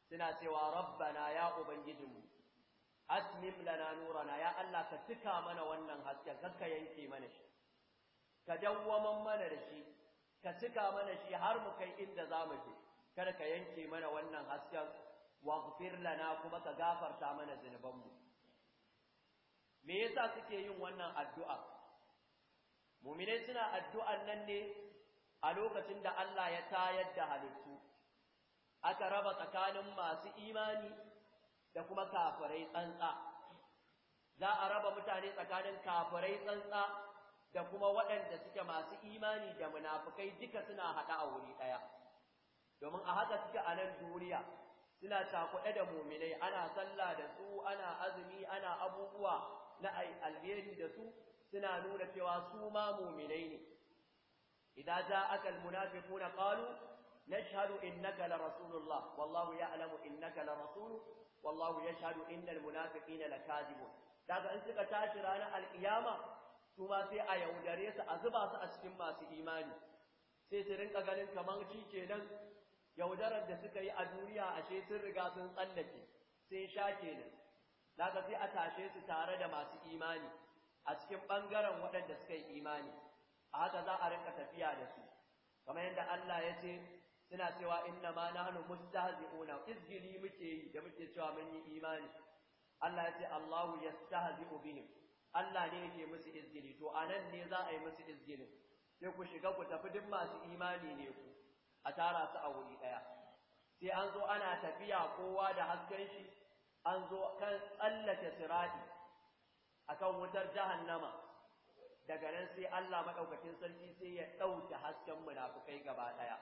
suna cewa rabbana ya ubangijinmu atmim lana nurana ya Allah ka tuka mana wannan hasken kakka yanke mana shi ka dawwaman mana da shi ka cika mana shi har mu kai inda za mu je kada ka yanke mana wannan hasken waghfir lana kuma ka gafarta mana mu. me yasa suke yin wannan addu'a mu'minai suna addu'an nan ne a lokacin da Allah ya tayar da halittu aka raba tsakanin masu imani da kuma kafirai tsantsa za a raba mutane tsakanin kafirai tsantsa da kuma waɗanda suke masu imani da munafukai duka suna haɗa a wuri ɗaya domin a haka suke a nan duniya suna takuɗe da muminai ana sallah da su ana azumi ana abubuwa na alheri da su suna nuna cewa su ma muminai ne idan za a aka almunafiquna qalu nashhadu innaka la rasulullah wallahu ya'lamu innaka la rasuluhu wallahu yashhadu innal munafiqina lakadibun daga in suka tashi ranar alkiyama su ma sai a yaudare su a zuba su a cikin masu imani sai su rinka ganin kamar shi kenan yaudarar da suka yi a duniya ashe sun riga sun tsallake sai sha kenan daga sai a tashe su tare da masu imani a cikin ɓangaren waɗanda suka yi imani a haka za a rinka tafiya da su kamar yadda Allah ya ce suna cewa inna ma nahnu mustahzi'una izgili muke yi da muke cewa mun yi imani Allah ya ce Allahu yastahzi'u bihim Allah ne yake musu izgili to a nan ne za a yi musu izgilin sai ku shiga ku tafi duk masu imani ne ku a tara su a wuri daya sai an zo ana tafiya kowa da hasken shi an zo kan tsallake sirati akan wutar jahannama daga nan sai Allah madaukakin sarki sai ya dauke hasken munafikai gaba daya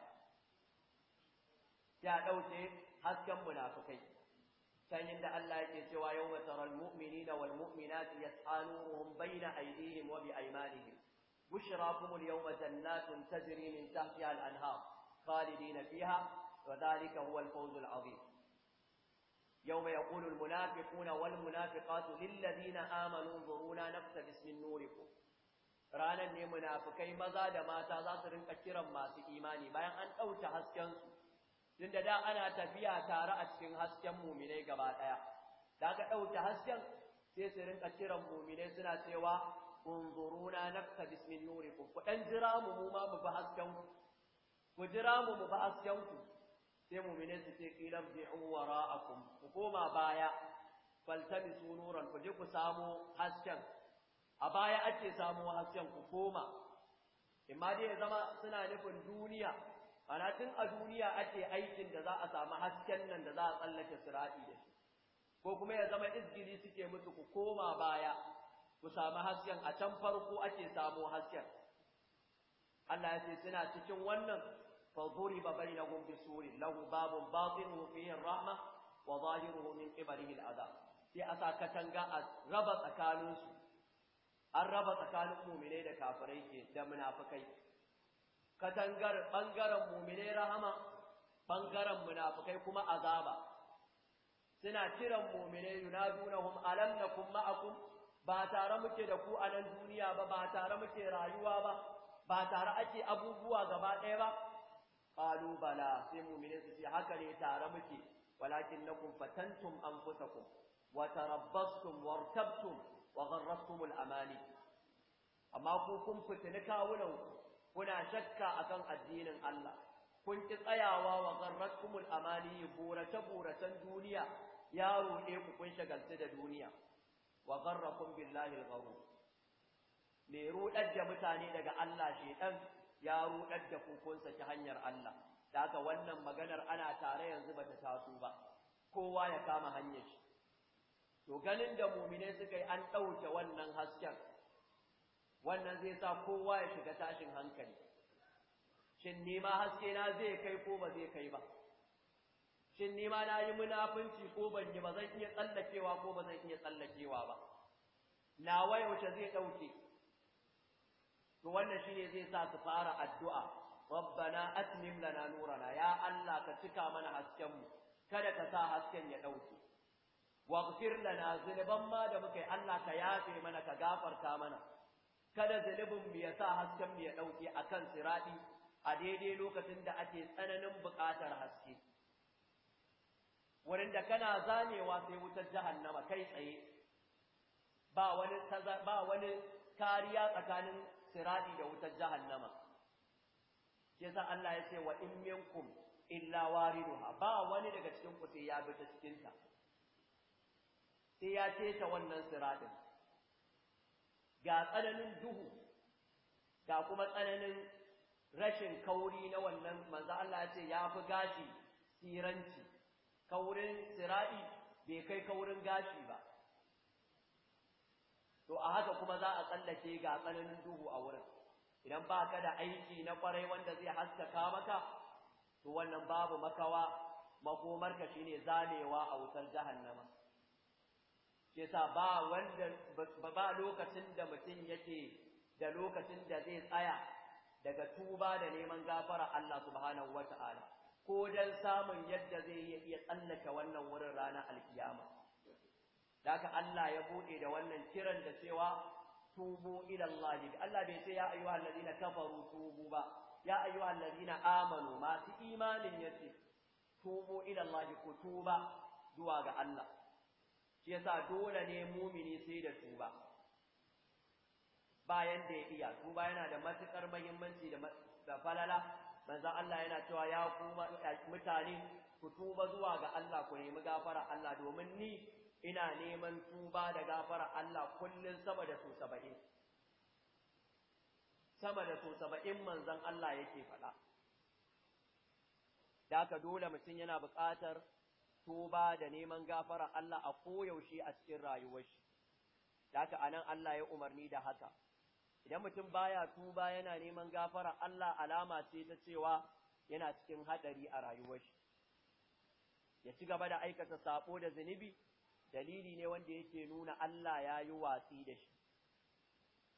ya dauke hasken munafikai كان عند الله يتسوى يوم ترى المؤمنين والمؤمنات يسعى بين أيديهم وبأيمانهم بشراكم اليوم جنات تجري من تحتها الأنهار خالدين فيها وذلك هو الفوز العظيم يوم يقول المنافقون والمنافقات للذين آمنوا انظرونا نقتبس من نوركم رانا ne munafikai maza da mata za su rinka kiran masu imani bayan an tunda da ana tafiya tare a cikin hasken muminai gaba ɗaya da aka ɗauke hasken sai su rinka kiran muminai suna cewa unzuruna nakta bismin nurikum ku ɗan jira mu mu ma mu bi hasken ku ku jira mu mu bi hasken ku sai muminai su ce qilan bi'u wara'akum ku koma baya faltamisu nuran ku je ku samo hasken a baya ake samo hasken ku koma imma dai ya zama suna nufin duniya ana tun a duniya ake aikin da za a samu hasken nan da za a tsallake sira'i da shi ko kuma ya zama izgiri suke musu ku koma baya ku samu hasken a can farko ake samu hasken Allah ya ce suna cikin wannan fa na bainahum bisurin lahu babun batinuhu fihi rahma wa zahiruhu min qibalihi al'adab sai a sa katanga a raba tsakaninsu an raba tsakanin mu'minai da kafirai ke da munafikai katangar ɓangaren muminai rahama ɓangaren munafukai kuma azaba suna kiran muminai yunadunahum alam nakum ma'akum ba tare muke da ku a nan duniya ba ba tare muke rayuwa ba ba tare ake abubuwa gaba ɗaya ba qalu bala sai muminai su ce haka ne tare muke walakinnakum fatantum anfusakum wa tarabbastum wartabtum wa gharratkum al-amani amma ku kun fitini kawunanku kuna shakka akan addinin Allah kun ki tsayawa wa rakumul amani burace buracen duniya ya ruɗe ku kun shagaltu da duniya wa garrakum billahi al-ghurur me ruɗar da mutane daga Allah shedan ya ruɗar da ku ta hanyar Allah daga wannan maganar ana tare yanzu bata taso ba kowa ya kama hanyar shi to ganin da mu'mine suka yi an ɗauke wannan hasken wannan zai sa kowa ya shiga tashin hankali shin nima haske na zai kai ko ba zai kai ba shin nima na yi munafunci ko ban yi ba zan iya tsallakewa ko ba zan iya tsallakewa ba nawa yaushe zai ɗauke to wannan shine zai sa su fara addu'a rabbana atmim lana nurana ya Allah ka cika mana hasken mu kada ka sa hasken ya ɗauke waghfir lana zunuban ma da muka yi Allah ka yafe mana ka gafarta mana kada zalibin mu ya sa hasken mu ya dauke akan sirati a daidai lokacin da ake tsananin buƙatar haske wurin da kana zanewa sai wutar jahannama kai tsaye ba wani ba wani kariya tsakanin sirati da wutar jahannama yasa Allah ya ce wa in minkum illa wariduha ba wani daga cikin ku sai ya bi ta cikin ta sai ya ce ta wannan siratin ga tsananin duhu ga kuma tsananin rashin kauri na wannan manzo Allah ya ce ya fi gashi siranci kaurin sira'i bai kai kaurin gashi ba to a haka kuma za a tsallake ga tsananin duhu a wurin idan ba ka da aiki na kwarai wanda zai haskaka maka to wannan babu makawa makomarka shine zalewa a wutar jahannama yasa ba wanda ba lokacin da mutum yake da lokacin da zai tsaya daga tuba da neman gafara Allah subhanahu wata'ala ko dan samun yadda zai iya tsallaka wannan wurin ranar alkiyama daga Allah ya bude da wannan kiran da cewa tubu ila Allah Allah bai ce ya ayyuhal ladina kafaru tubu ba ya ayyuhal ladina amanu masu imanin yace tubu ila Allah ku tuba zuwa ga Allah shi yasa dole ne mumini sai da tuba bayan da ya iya tuba yana da matukar muhimmanci da falala manzo Allah yana cewa ya kuma mutane ku tuba zuwa ga Allah ku nemi gafara Allah domin ni ina neman tuba da gafara Allah kullun sama da su 70 sama da su 70 manzon Allah yake faɗa da haka dole mutum yana buƙatar tuba da neman gafara Allah a koyaushe a cikin rayuwar shi. Daka a nan Allah ya umarni da haka. Idan mutum baya tuba yana neman gafara Allah alama ce ta cewa yana cikin haɗari a rayuwar shi. Ya ci gaba da aikata saɓo da zunubi, dalili ne wanda yake nuna Allah ya yi watsi da shi.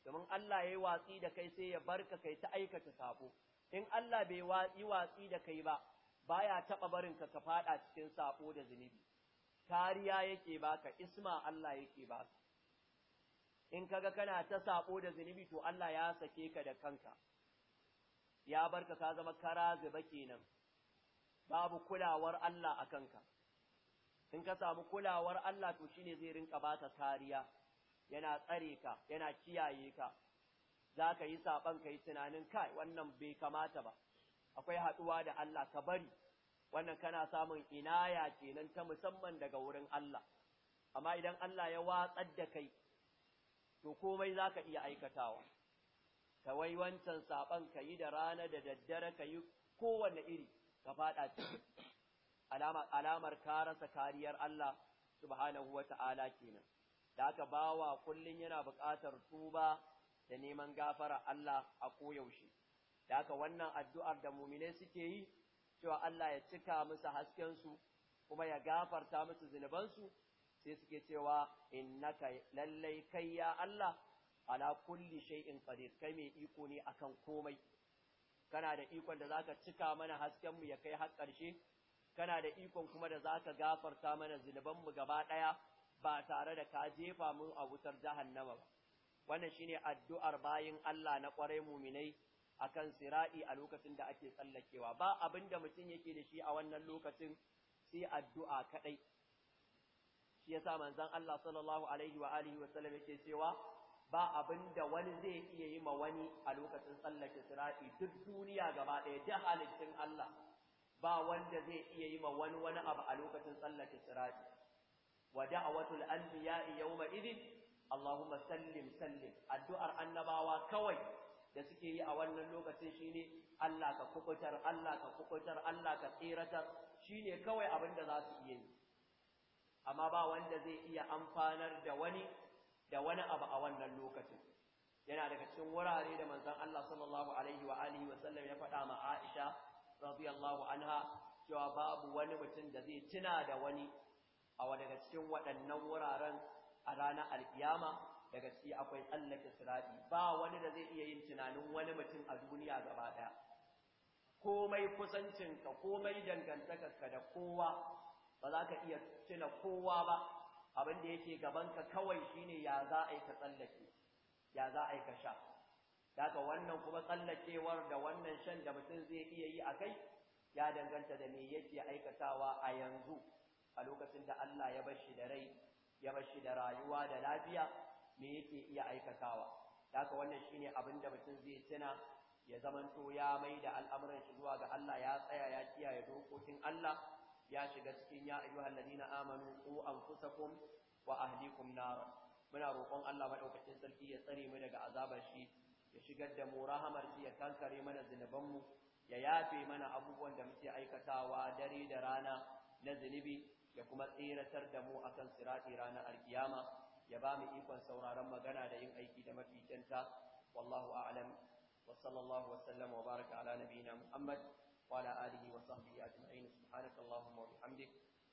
Domin Allah ya yi watsi da kai sai ya barka kai ta aikata saɓo. In Allah bai yi watsi da kai ba, baya taɓa barin ka ka faɗa cikin saɓo da zunubi, kariya yake baka, isma Allah yake baka. In kaga kana ta saɓo da zunubi to Allah ya sake ka da kanka, ya barka ka zama kara gaba kenan, babu kulawar Allah a kanka. In ka samu kulawar Allah to shine zai rinka baka kariya, yana tsare ka, yana kiyaye ka, za ka yi saɓon ka yi tunanin kai wannan bai kamata ba. akwai haɗuwa da Allah ka bari wannan kana samun inaya kenan ta musamman daga wurin Allah amma idan Allah ya watsar da kai to komai zaka iya aikatawa ka wai wancan saban ka yi da rana da daddare ka yi kowanne iri ka faɗa ciki alamar ka rasa kariyar Allah subhanahu wata'ala kenan da haka bawa kullun yana buƙatar tuba da neman gafara Allah a koyaushe da wannan addu'ar da muminai suke yi cewa Allah ya cika musu haskensu kuma ya gafarta musu zunubansu sai suke cewa ka lallai kai ya Allah ala kulli in qadir kai mai iko ne akan komai kana da ikon da zaka cika mana haskenmu ya kai har ƙarshe kana da ikon kuma da zaka gafarta mana zunubanmu gaba ɗaya ba tare da ka jefa mu a wutar jahannama ba wannan shine addu'ar bayin Allah na ƙwarai muminai akan sira'i a lokacin da ake tsallakewa ba abin da mutum yake da shi a wannan lokacin sai addu'a kadai shi sa manzon Allah sallallahu alaihi wa alihi wa sallam yake cewa ba abin da wani zai iya yi ma wani a lokacin tsallake sira'i duk duniya gaba ɗaya duk halittin Allah ba wanda zai iya yi ma wani wani abu a lokacin tsallake sira'i wa da'awatul anbiya'i yawma idin Allahumma sallim sallim addu'ar annabawa kawai da suke yi a wannan lokacin shine Allah ka kubutar Allah ka kubutar Allah ka tsiratar shine kawai abin da za su iya yi amma ba wanda zai iya amfanar da wani da wani abu a wannan lokacin yana daga cikin wurare da manzon Allah sallallahu alaihi wa alihi wa sallam ya faɗa ma Aisha radiyallahu anha cewa babu wani mutum da zai tuna da wani a daga cikin waɗannan wuraren a ranar alkiyama daga ciki akwai tsallake sirati ba wani da zai iya yin tunanin wani mutum a duniya gaba ɗaya komai kusancinka komai dangantakarka da kowa ba za ka iya tuna kowa ba abin da yake gabanka kawai shine ya za a yi ka tsallake ya za a yi ka sha daga wannan kuma tsallakewar da wannan shan da mutum zai iya yi a kai ya danganta da me yake aikatawa a yanzu a lokacin da Allah ya bar shi da rai ya bar shi da rayuwa da lafiya me yake iya aikatawa haka wannan shine abin da mutum zai tuna ya zamanto ya mai da al'amuran shi zuwa ga Allah ya tsaya ya kiyaye dokokin Allah ya shiga cikin ya ayyuhal na amanu qu anfusakum wa ahlikum nar muna roƙon Allah maɗaukacin sarki ya tsare mu daga azabar shi ya shigar da mu rahamar shi ya kankare mana zinuban mu ya yafe mana abubuwan da muke aikatawa dare da rana na zinubi ya kuma tsiratar da mu akan sirati ranar alkiyama ya ba mu ikon sauraron magana da yin aiki da mafi kyanta wallahu a'lam wa sallallahu wa sallam wa baraka ala nabiyyina muhammad wa ala alihi wa sahbihi ajma'in subhanakallahumma wa bihamdik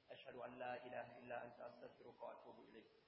ashhadu an la ilaha illa anta astaghfiruka wa atubu ilayk